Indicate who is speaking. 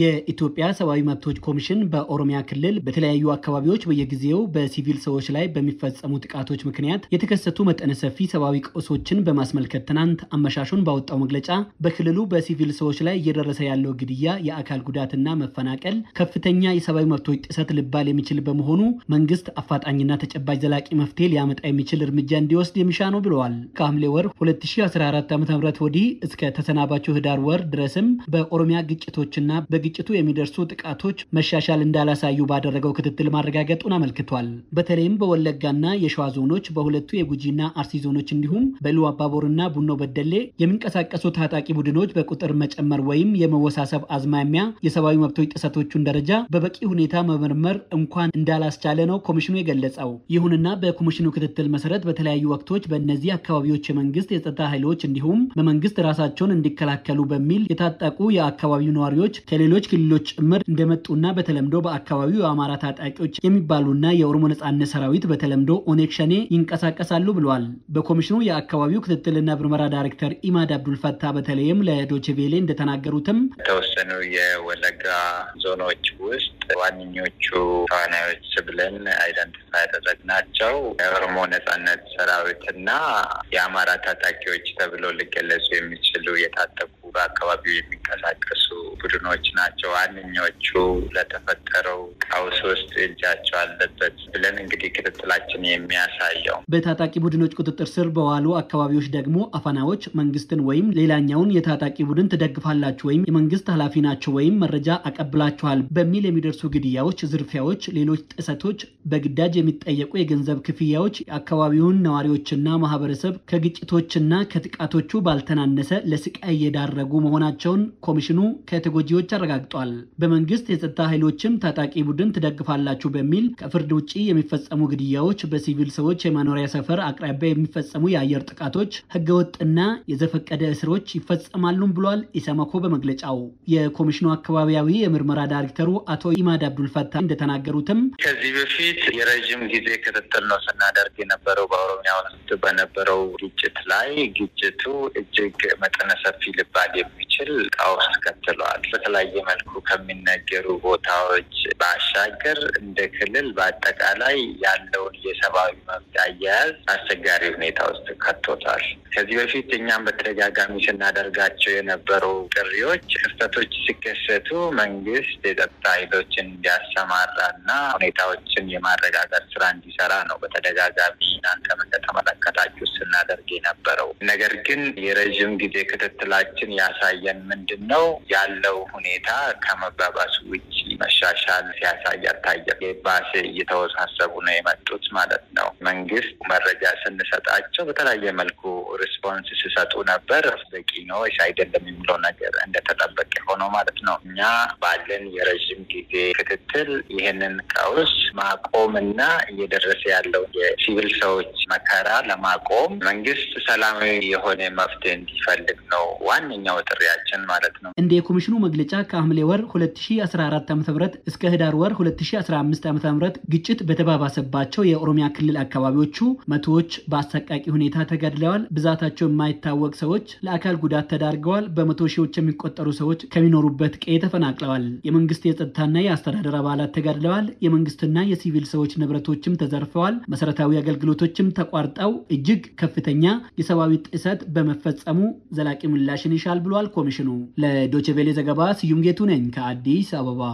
Speaker 1: የኢትዮጵያ ሰብአዊ መብቶች ኮሚሽን በኦሮሚያ ክልል በተለያዩ አካባቢዎች በየጊዜው በሲቪል ሰዎች ላይ በሚፈጸሙ ጥቃቶች ምክንያት የተከሰቱ መጠነ ሰፊ ሰብአዊ ቀውሶችን በማስመልከት ትናንት አመሻሹን ባወጣው መግለጫ በክልሉ በሲቪል ሰዎች ላይ እየደረሰ ያለው ግድያ፣ የአካል ጉዳትና መፈናቀል ከፍተኛ የሰብአዊ መብቶች ጥሰት ልባል የሚችል በመሆኑ መንግስት አፋጣኝና ተጨባጭ ዘላቂ መፍትሄ ሊያመጣ የሚችል እርምጃ እንዲወስድ የሚሻ ነው ብለዋል። ከሐምሌ ወር 2014 ም ወዲህ እስከ ተሰናባቸው ህዳር ወር ድረስም በኦሮሚያ ግጭቶችና በግጭቱ የሚደርሱ ጥቃቶች መሻሻል እንዳላሳዩ ባደረገው ክትትል ማረጋገጡን አመልክቷል። በተለይም በወለጋና የሸዋ ዞኖች፣ በሁለቱ የጉጂና አርሲ ዞኖች እንዲሁም በሉ አባቦርና ቡኖ በደሌ የሚንቀሳቀሱ ታጣቂ ቡድኖች በቁጥር መጨመር ወይም የመወሳሰብ አዝማሚያ የሰብአዊ መብቶች ጥሰቶቹን ደረጃ በበቂ ሁኔታ መመርመር እንኳን እንዳላስቻለ ነው ኮሚሽኑ የገለጸው። ይሁንና በኮሚሽኑ ክትትል መሰረት በተለያዩ ወቅቶች በእነዚህ አካባቢዎች የመንግስት የጸጥታ ኃይሎች እንዲሁም በመንግስት ራሳቸውን እንዲከላከሉ በሚል የታጠቁ የአካባቢው ነዋሪዎች ከሌሎ ከሌሎች ክልሎች ጭምር እንደመጡና በተለምዶ በአካባቢው የአማራ ታጣቂዎች የሚባሉና የኦሮሞ ነጻነት ሰራዊት በተለምዶ ኦነግ ሸኔ ይንቀሳቀሳሉ ብለዋል። በኮሚሽኑ የአካባቢው ክትትልና ምርመራ ዳይሬክተር ኢማድ አብዱልፈታ በተለይም ለዶችቬሌ እንደተናገሩትም
Speaker 2: የተወሰኑ የወለጋ ዞኖች ውስጥ ዋነኞቹ ተዋናዮች ብለን አይደንቲፋይ ያደረግናቸው የኦሮሞ ነጻነት ሰራዊትና የአማራ ታጣቂዎች ተብሎ ሊገለጹ የሚችሉ የታጠቁ በአካባቢው የሚንቀሳቀሱ ቡድኖች ናቸው ዋነኞቹ ለተፈጠረው ቀውስ ውስጥ እጃቸው አለበት ብለን እንግዲህ ክትትላችን የሚያሳየው።
Speaker 1: በታጣቂ ቡድኖች ቁጥጥር ስር በዋሉ አካባቢዎች ደግሞ አፈናዎች፣ መንግስትን ወይም ሌላኛውን የታጣቂ ቡድን ትደግፋላችሁ ወይም የመንግስት ኃላፊ ናቸው ወይም መረጃ አቀብላችኋል በሚል የሚደርሱ ግድያዎች፣ ዝርፊያዎች፣ ሌሎች ጥሰቶች፣ በግዳጅ የሚጠየቁ የገንዘብ ክፍያዎች የአካባቢውን ነዋሪዎችና ማህበረሰብ ከግጭቶችና ከጥቃቶቹ ባልተናነሰ ለስቃይ የዳረጉ መሆናቸውን ኮሚሽኑ ከት ተጎጂዎች አረጋግጧል። በመንግስት የጸጥታ ኃይሎችም ታጣቂ ቡድን ትደግፋላችሁ በሚል ከፍርድ ውጭ የሚፈጸሙ ግድያዎች፣ በሲቪል ሰዎች የመኖሪያ ሰፈር አቅራቢያ የሚፈጸሙ የአየር ጥቃቶች፣ ህገወጥና የዘፈቀደ እስሮች ይፈጸማሉም ብሏል ኢሰመኮ በመግለጫው። የኮሚሽኑ አካባቢያዊ የምርመራ ዳይሬክተሩ አቶ ኢማድ አብዱልፈታ እንደተናገሩትም
Speaker 2: ከዚህ በፊት የረዥም ጊዜ ክትትል ነው ስናደርግ የነበረው በኦሮሚያ ውስጥ በነበረው ግጭት ላይ ግጭቱ እጅግ መጠነ ሰፊ ልባል የሚችል ቀውስ ከትለዋል። በተለያየ መልኩ ከሚነገሩ ቦታዎች ባሻገር እንደ ክልል በአጠቃላይ ያለውን የሰብአዊ መብት አያያዝ አስቸጋሪ ሁኔታ ውስጥ ከቶታል። ከዚህ በፊት እኛም በተደጋጋሚ ስናደርጋቸው የነበሩ ጥሪዎች ክፍተቶች ሲከሰቱ መንግስት የጸጥታ ኃይሎችን እንዲያሰማራ ሁኔታዎችን የማረጋጋት ስራ እንዲሰራ ነው በተደጋጋሚ እናንተም እንደተመለከታችሁ ስናደርግ የነበረው ነገር ግን የረዥም ጊዜ ክትትላችን ያሳየን ምንድን ነው ያለው ያለው ሁኔታ ከመባባሱ ውጭ መሻሻል ሲያሳይ አታየም። የባሴ እየተወሳሰቡ ነው የመጡት ማለት ነው። መንግስት መረጃ ስንሰጣቸው በተለያየ መልኩ ሪስፖንስ ሲሰጡ ነበር። በቂ ነው አይደለም የሚለው ነገር እንደተጠበቀ ሆኖ ማለት ነው። እኛ ባለን የረዥም ጊዜ ክትትል ይህንን ቀውስ ማቆምና እየደረሰ ያለው የሲቪል ሰዎች መከራ ለማቆም መንግስት ሰላማዊ የሆነ መፍትሄ እንዲፈልግ ነው ዋነኛው ጥሪያችን ማለት
Speaker 1: ነው። እንደ የኮሚሽኑ መግለጫ ከሐምሌ ወር ሁለት ሺ አስራ አራት እስከ ህዳር ወር 2015 ዓ ም ግጭት በተባባሰባቸው የኦሮሚያ ክልል አካባቢዎቹ መቶዎች በአሰቃቂ ሁኔታ ተገድለዋል። ብዛታቸው የማይታወቅ ሰዎች ለአካል ጉዳት ተዳርገዋል። በመቶ ሺዎች የሚቆጠሩ ሰዎች ከሚኖሩበት ቀዬ ተፈናቅለዋል። የመንግስት የጸጥታና የአስተዳደር አባላት ተገድለዋል። የመንግስትና የሲቪል ሰዎች ንብረቶችም ተዘርፈዋል። መሰረታዊ አገልግሎቶችም ተቋርጠው እጅግ ከፍተኛ የሰብአዊ ጥሰት በመፈጸሙ ዘላቂ ምላሽን ይሻል ብሏል ኮሚሽኑ። ለዶችቬሌ ዘገባ ስዩም ጌቱ ነኝ ከአዲስ አበባ።